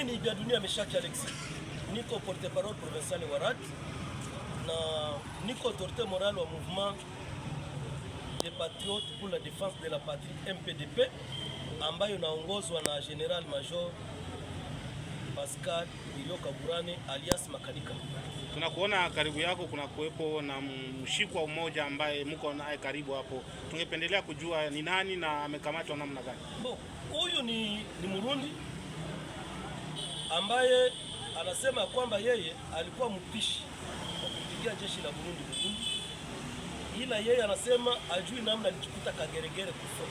Mimi ni vya dunia Meshaki Alexi, niko porte parole provinciale wa na niko autorité morale wa mouvement des patriotes pour la défense de la patrie MPDP, ambayo naongozwa na General Major Pascal Ilio Kaburane alias Makanika. Tunakuona karibu yako kuna kuwepo na mshikwa mmoja ambaye mko naye karibu hapo, tungependelea kujua ni nani na amekamatwa namna gani? Huyu ni, ni Murundi ambaye anasema kwamba yeye alikuwa mpishi wa kupigia jeshi la Burundi Burundi, ila yeye anasema ajui namna alijikuta kageregere kufa.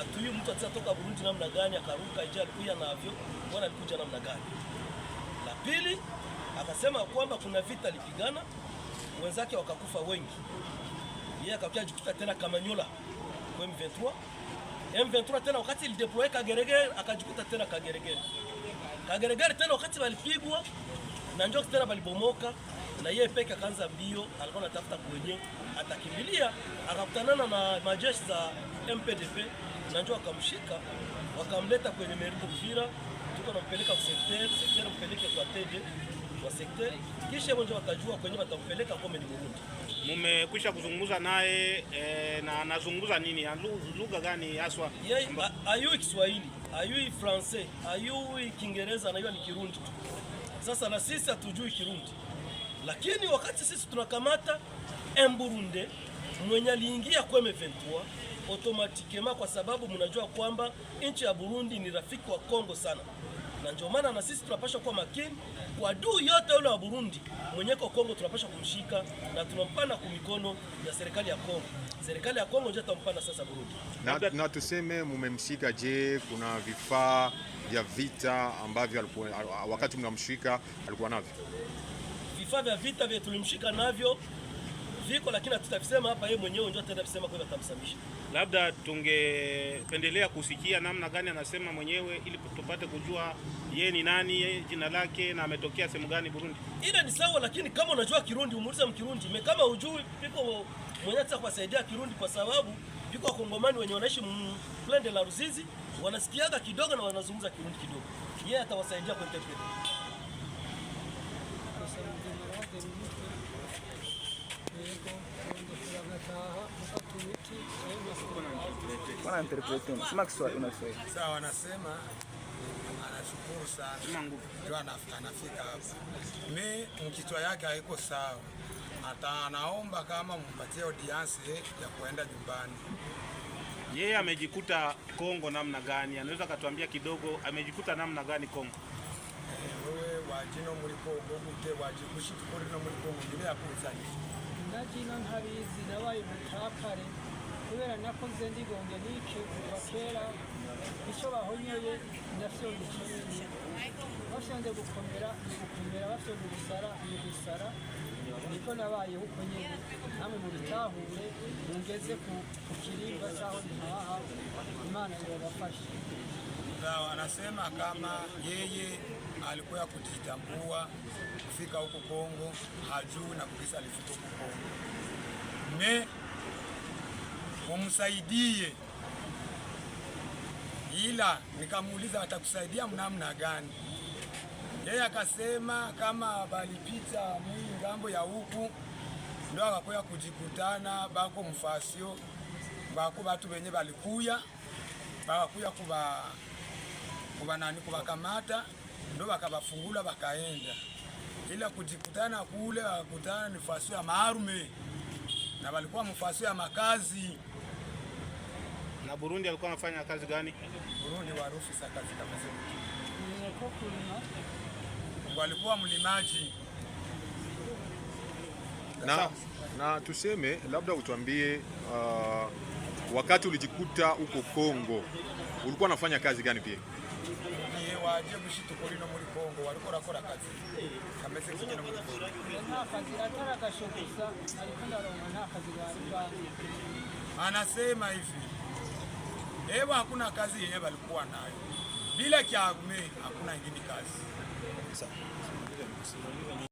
Atui mtu atatoka Burundi namna gani akaruka ije alikuja navyo wala alikuja namna gani? La pili akasema kwamba kuna vita alipigana wenzake wakakufa wengi, yeye akakuja jikuta tena Kamanyola kwa M23 M23 tena wakati ilideploye kageregere akajikuta tena kageregere Kageregere tena wakati walipigwa na Njoki tena walibomoka, na yeye peke akaanza mbio, alikuwa anatafuta kwenye atakimbilia, akakutanana na majeshi za MPDP na Njoki akamshika, wakamleta kwenye meriko Vira, tuko nampeleka kwa sekter sekter, mpeleke kwa TD kwa sekter, kisha mwenye watajua kwenye watampeleka kwa Meribu Mumekwisha kuzungumza naye eh, na anazungumza nini, lugha gani haswa? Yeye ayui Kiswahili ayui Francais, ayui Kiingereza, anajua ni Kirundi tu. Sasa na sisi hatujui Kirundi, lakini wakati sisi tunakamata emburunde mwenye aliingia kwa M23 kwa sababu mnajua kwamba nchi ya Burundi ni rafiki wa Kongo sana na ndio maana na sisi tunapasha kuwa makini kwa duu yote ule wa Burundi mwenyeko Kongo, tunapasha kumshika na tunampana kumikono ya serikali ya Kongo. Serikali ya Kongo ndio tampana sasa Burundi na, na tuseme mumemshika. Je, kuna vifaa vya vita ambavyo alikuwa wakati mnamshika alikuwa navyo? Vifaa vya vita vya tulimshika navyo viko, lakini hatutavisema hapa, yeye mwenyewe ndio ataenda kusema, kwa hiyo atamsamisha. Labda tungependelea kusikia namna gani anasema mwenyewe, ili tupate kujua ye ni nani, ye jina lake na ametokea sehemu gani Burundi. Ile ni sawa, lakini kama unajua Kirundi umuulize Mkirundi, kama ujui piko mwenyewe kuwasaidia Kirundi, kwa sababu piko Wakongomani wenye wanaishi Mlende la Ruzizi wanasikiaga kidogo na wanazungumza Kirundi kidogo, yeye atawasaidia kwa interpret Sawa, anasema anashukuru sana ndio anafika hapa. yake haiko sawa, hata anaomba kama mpatie audience ya kuenda nyumbani. Yeye amejikuta Kongo namna gani? Anaweza akatuambia kidogo, amejikuta namna gani Kongo? Eh, wewe wajino wajikushi ya kuzani ndagina ntabizi nabaye umutakare kubera nakoze ndigonge niki kuva kera icyo bahonyoye navyo ndikiye bafyanze gukomera ni gukomera bafyanze gusara ni gusara niko nabayeho uko nyene namwe mubitahure mungeze ku kiribwa caho ntaha imana irabafashe anasema kama yeye alikuwa kujitambua kufika huko Kongo hajuu na kukisa alifika huko Kongo me mumsaidie, ila nikamuuliza atakusaidia mnamna gani? Yeye akasema kama balipita mwi ngambo ya huku ndo akakoya kujikutana bako mfasio bako batu benye balikuya bakakuya kuba kuba nani kubakamata ndo bakabafungula bakaenda, ila kujikutana kule wakakutana ni faso ya maarume na walikuwa mfaso ya makazi. Na Burundi alikuwa anafanya kazi gani? Burundi warufu sa kazi kama zile, walikuwa mlimaji na, na tuseme labda utuambie, uh, wakati ulijikuta huko Kongo ulikuwa unafanya kazi gani pia? igihe wagiye gushyita ukuri no muri kongo wari urakora akazi kameze muri kongo nta kazi gusa ariko nta kazi anasema hivi hewa hakuna kazi yenye walikuwa nayo bila kyagume hakuna ingine kazi